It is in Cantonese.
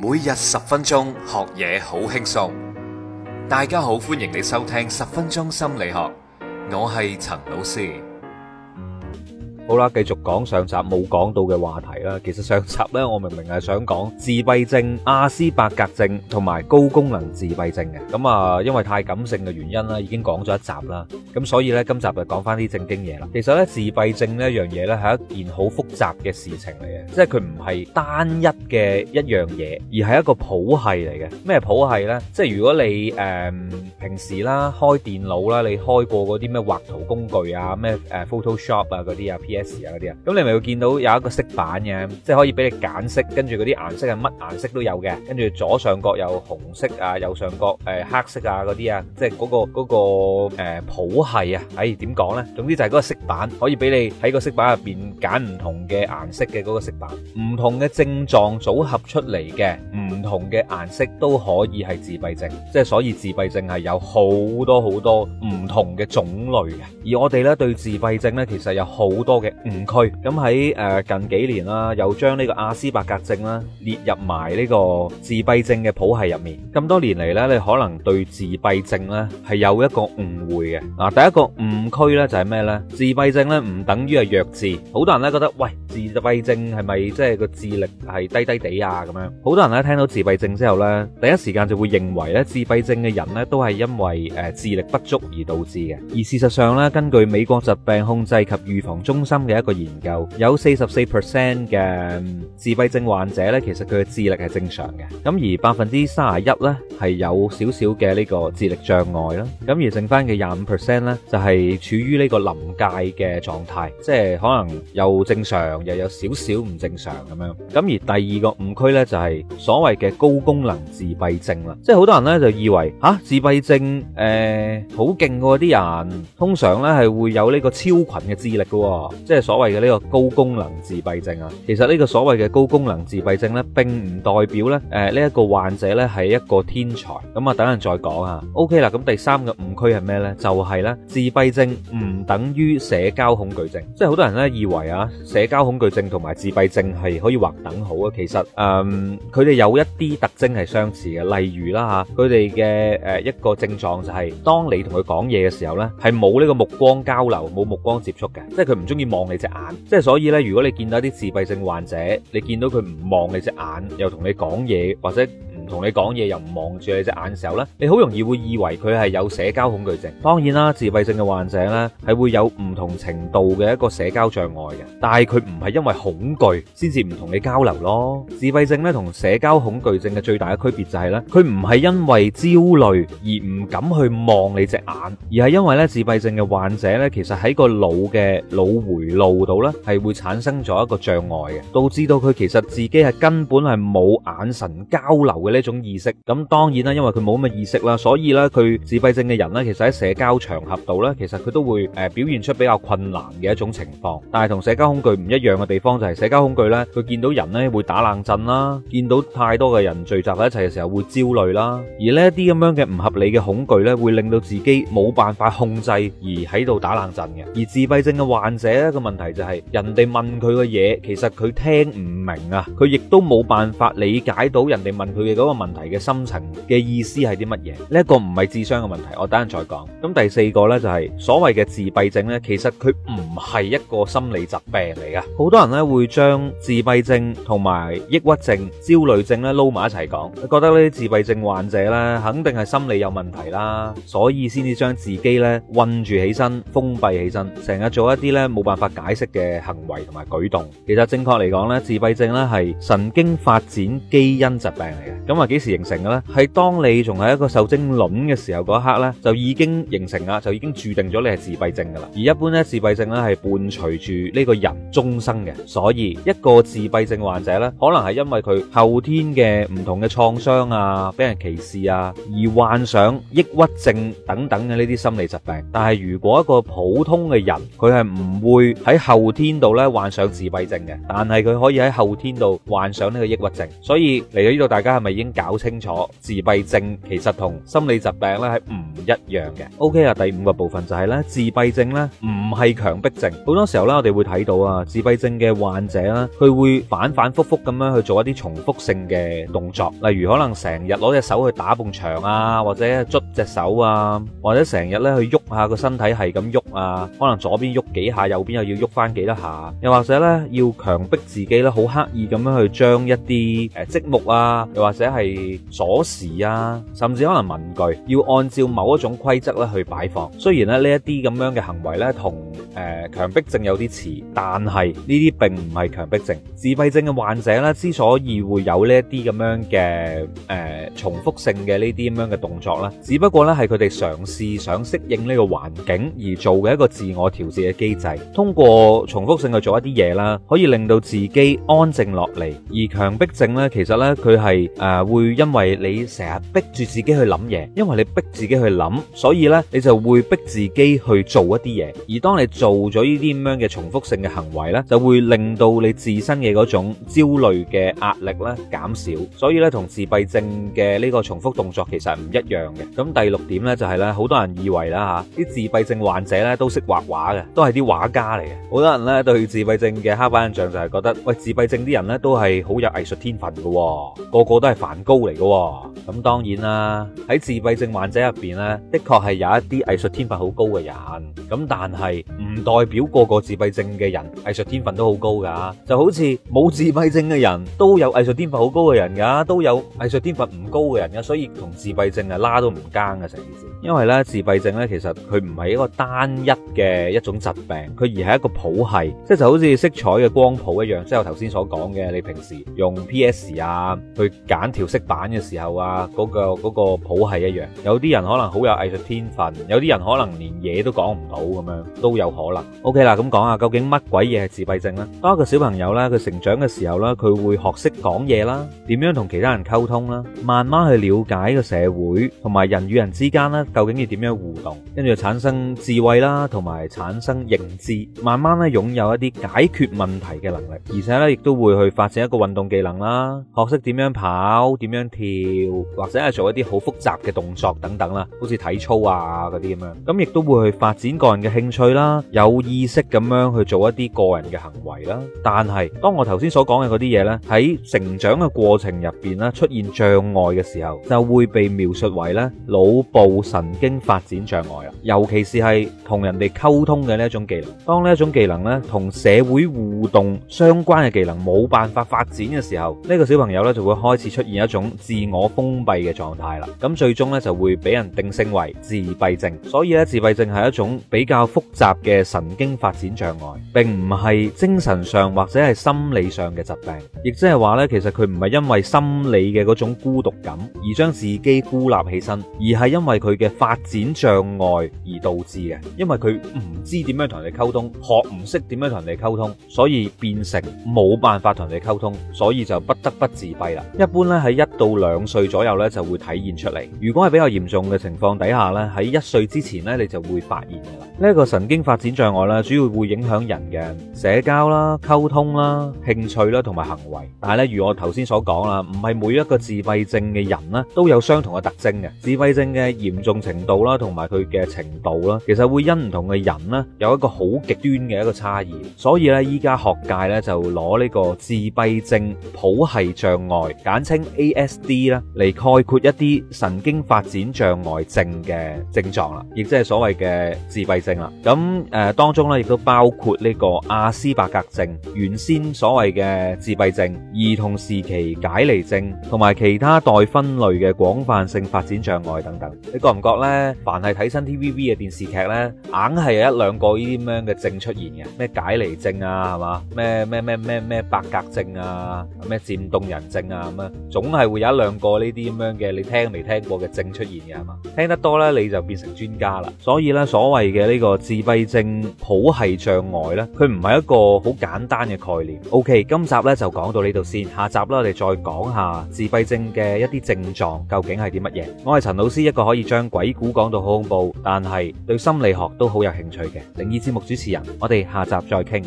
每日十分鐘學嘢好輕鬆，大家好，歡迎你收聽十分鐘心理學，我係陳老師。好啦，繼續講上集冇講到嘅話題啦。其實上集呢，我明明係想講自閉症、阿斯伯格症同埋高功能自閉症嘅。咁啊，因為太感性嘅原因啦，已經講咗一集啦。咁所以呢，今集就講翻啲正經嘢啦。其實呢，自閉症呢樣嘢呢，係一件好複雜嘅事情嚟嘅，即係佢唔係單一嘅一樣嘢，而係一個譜系嚟嘅。咩譜系呢？即係如果你誒、嗯、平時啦，開電腦啦，你開過嗰啲咩畫圖工具啊，咩誒、啊、Photoshop 啊嗰啲啊啊嗰啲啊，咁你咪會見到有一個色板嘅，即係可以俾你揀色，跟住嗰啲顏色係乜顏色都有嘅，跟住左上角有紅色啊，右上角誒黑色啊嗰啲啊，即係嗰個嗰個誒譜系啊，唉點講呢？總之就係嗰個色板可以俾你喺個色板入邊揀唔同嘅顏色嘅嗰個色板，唔同嘅症狀組合出嚟嘅唔同嘅顏色都可以係自閉症，即係所以自閉症係有好多好多唔同嘅種類嘅，而我哋呢對自閉症呢其實有好多嘅誤區咁喺誒近幾年啦，又將呢個阿斯伯格症啦列入埋呢個自閉症嘅譜係入面。咁多年嚟呢，你可能對自閉症呢係有一個誤會嘅。啊，第一個誤區呢就係咩呢？自閉症呢唔等於係弱智。好多人呢覺得喂，自閉症係咪即係個智力係低低哋啊？咁樣，好多人呢聽到自閉症之後呢，第一時間就會認為呢自閉症嘅人呢都係因為誒智力不足而導致嘅。而事實上呢，根據美國疾病控制及預防中心。嘅一個研究，有四十四 percent 嘅自閉症患者咧，其實佢嘅智力係正常嘅。咁而百分之三十一咧，係有少少嘅呢個智力障礙啦。咁而剩翻嘅廿五 percent 咧，就係處於呢個臨界嘅狀態，即係可能又正常又有少少唔正常咁樣。咁而第二個誤區咧，就係所謂嘅高功能自閉症啦。即係好多人咧就以為吓自閉症誒好勁嘅啲人，通常咧係會有呢個超群嘅智力嘅。即係所謂嘅呢個高功能自閉症啊，其實呢個所謂嘅高功能自閉症呢，並唔代表呢誒呢一個患者呢係一個天才。咁啊，等陣再講啊。OK 啦，咁第三個誤區係咩呢？就係呢自閉症唔等於社交恐懼症，即係好多人呢以為啊社交恐懼症同埋自閉症係可以劃等號啊。其實誒佢哋有一啲特徵係相似嘅，例如啦吓佢哋嘅誒一個症狀就係當你同佢講嘢嘅時候呢係冇呢個目光交流、冇目光接觸嘅，即係佢唔中意。望你隻眼，即係所以咧。如果你見到一啲自閉症患者，你見到佢唔望你隻眼，又同你講嘢，或者。同你講嘢又唔望住你隻眼嘅時候呢，你好容易會以為佢係有社交恐懼症。當然啦，自閉症嘅患者呢係會有唔同程度嘅一個社交障礙嘅，但係佢唔係因為恐懼先至唔同你交流咯。自閉症咧同社交恐懼症嘅最大嘅區別就係呢，佢唔係因為焦慮而唔敢去望你隻眼，而係因為呢自閉症嘅患者呢，其實喺個腦嘅腦回路度呢係會產生咗一個障礙嘅，導致到佢其實自己係根本係冇眼神交流嘅呢，一種意識咁，當然啦，因為佢冇咁嘅意識啦，所以咧，佢自閉症嘅人咧，其實喺社交場合度咧，其實佢都會誒表現出比較困難嘅一種情況。但係同社交恐懼唔一樣嘅地方就係，社交恐懼咧，佢見到人咧會打冷震啦，見到太多嘅人聚集喺一齊嘅時候會焦慮啦。而呢啲咁樣嘅唔合理嘅恐懼咧，會令到自己冇辦法控制而喺度打冷震嘅。而自閉症嘅患者咧個問題就係，人哋問佢嘅嘢，其實佢聽唔明啊，佢亦都冇辦法理解到人哋問佢嘅嗰個問題嘅深層嘅意思係啲乜嘢？呢、這、一個唔係智商嘅問題，我等陣再講。咁第四個呢，就係、是、所謂嘅自閉症呢，其實佢唔係一個心理疾病嚟噶。好多人呢會將自閉症同埋抑鬱症、焦慮症呢撈埋一齊講，覺得呢啲自閉症患者呢肯定係心理有問題啦，所以先至將自己呢困住起身、封閉起身，成日做一啲呢冇辦法解釋嘅行為同埋舉動。其實正確嚟講呢，自閉症呢係神經發展基因疾病嚟嘅。咁啊，幾時形成嘅咧？係當你仲係一個受精卵嘅時候嗰一刻咧，就已經形成啦，就已經注定咗你係自閉症噶啦。而一般咧，自閉症咧係伴隨住呢個人終生嘅。所以一個自閉症患者咧，可能係因為佢後天嘅唔同嘅創傷啊，俾人歧視啊，而患上抑鬱症等等嘅呢啲心理疾病。但係如果一個普通嘅人，佢係唔會喺後天度咧患上自閉症嘅，但係佢可以喺後天度患上呢個抑鬱症。所以嚟到呢度，大家係咪應？搞清楚自閉症其實同心理疾病咧係唔一樣嘅。OK 啊，第五個部分就係咧，自閉症咧唔係強迫症。好多時候咧，我哋會睇到啊，自閉症嘅患者啦，佢會反反复复咁樣去做一啲重複性嘅動作，例如可能成日攞隻手去打埲牆啊，或者捽隻手啊，或者成日咧去喐下個身體係咁喐啊，可能左邊喐幾下，右邊又要喐翻幾多下，又或者咧要強迫自己咧好刻意咁樣去將一啲誒積木啊，又或者。係鎖匙啊，甚至可能文具，要按照某一種規則咧去擺放。雖然咧呢一啲咁樣嘅行為呢，同誒強迫症有啲似，但係呢啲並唔係強迫症。自閉症嘅患者呢，之所以會有呢一啲咁樣嘅誒、呃、重複性嘅呢啲咁樣嘅動作呢，只不過呢係佢哋嘗試想適應呢個環境而做嘅一個自我調節嘅機制。通過重複性去做一啲嘢啦，可以令到自己安靜落嚟。而強迫症呢，其實呢，佢係誒。呃啊！會因為你成日逼住自己去諗嘢，因為你逼自己去諗，所以咧你就會逼自己去做一啲嘢。而當你做咗呢啲咁樣嘅重複性嘅行為咧，就會令到你自身嘅嗰種焦慮嘅壓力咧減少。所以咧，同自閉症嘅呢個重複動作其實唔一樣嘅。咁第六點咧就係咧，好多人以為啦吓啲自閉症患者咧都識畫畫嘅，都係啲畫家嚟嘅。好多人咧對自閉症嘅黑板印象就係覺得，喂自閉症啲人咧都係好有藝術天分嘅喎，個個都係反蛋糕嚟嘅咁，當然啦，喺自閉症患者入邊呢，的確係有一啲藝術天份好高嘅人。咁但係唔代表個個自閉症嘅人藝術天份都好高噶，就好似冇自閉症嘅人都有藝術天份好高嘅人噶，都有藝術天份唔高嘅人噶，所以同自閉症係拉都唔耕嘅成件事。因為呢自閉症呢，其實佢唔係一個單一嘅一種疾病，佢而係一個譜系，即係就好似色彩嘅光譜一樣，即係我頭先所講嘅，你平時用 PS 啊去揀。調色板嘅時候啊，嗰個嗰個譜係一樣。有啲人可能好有藝術天分，有啲人可能連嘢都講唔到咁樣，都有可能。OK 啦，咁講下，究竟乜鬼嘢係自閉症啦？當一個小朋友咧，佢成長嘅時候咧，佢會學識講嘢啦，點樣同其他人溝通啦，慢慢去了解個社會同埋人與人之間咧，究竟要點樣互動，跟住產生智慧啦，同埋產生認知，慢慢咧擁有一啲解決問題嘅能力，而且咧亦都會去發展一個運動技能啦，學識點樣跑。點樣跳，或者係做一啲好複雜嘅動作等等啦，好似體操啊嗰啲咁樣，咁亦都會去發展個人嘅興趣啦，有意識咁樣去做一啲個人嘅行為啦。但係當我頭先所講嘅嗰啲嘢咧，喺成長嘅過程入邊咧出現障礙嘅時候，就會被描述為咧腦部神經發展障礙啊。尤其是係同人哋溝通嘅呢一種技能，當呢一種技能咧同社會互動相關嘅技能冇辦法發展嘅時候，呢個小朋友咧就會開始出現。一種自我封閉嘅狀態啦，咁最終咧就會俾人定性為自閉症。所以咧，自閉症係一種比較複雜嘅神經發展障礙，並唔係精神上或者係心理上嘅疾病。亦即係話咧，其實佢唔係因為心理嘅嗰種孤獨感而將自己孤立起身，而係因為佢嘅發展障礙而導致嘅。因為佢唔知點樣同人哋溝通，學唔識點樣同人哋溝通，所以變成冇辦法同人哋溝通，所以就不得不自閉啦。一般咧係。喺一到兩歲左右咧就會體現出嚟。如果係比較嚴重嘅情況底下咧，喺一歲之前咧你就會發現㗎啦。呢個神經發展障礙咧，主要會影響人嘅社交啦、溝通啦、興趣啦同埋行為。但係咧，如我頭先所講啦，唔係每一個自閉症嘅人咧都有相同嘅特徵嘅。自閉症嘅嚴重程度啦，同埋佢嘅程度啦，其實會因唔同嘅人呢有一個好極端嘅一個差異。所以咧，依家學界咧就攞呢個自閉症譜系障礙，簡稱 ASD 啦，嚟概括一啲神經發展障礙症嘅症狀啦，亦即係所謂嘅自閉症。咁誒、呃、當中咧，亦都包括呢個阿斯伯格症、原先所謂嘅自閉症、兒童時期解離症，同埋其他待分類嘅廣泛性發展障礙等等。你覺唔覺呢？凡係睇新 TVB 嘅電視劇呢，硬係有一兩個呢啲咁樣嘅症出現嘅，咩解離症啊，係嘛？咩咩咩咩咩阿斯伯格症啊，咩漸凍人症啊，咁咩，總係會有一兩個呢啲咁樣嘅你聽未聽過嘅症出現嘅，係嘛？聽得多呢，你就變成專家啦。所以呢，所謂嘅呢。呢個自閉症譜系障礙呢，佢唔係一個好簡單嘅概念。OK，今集呢就講到呢度先，下集啦我哋再講下自閉症嘅一啲症狀究竟係啲乜嘢。我係陳老師，一個可以將鬼故講到好恐怖，但係對心理學都好有興趣嘅靈異節目主持人。我哋下集再傾。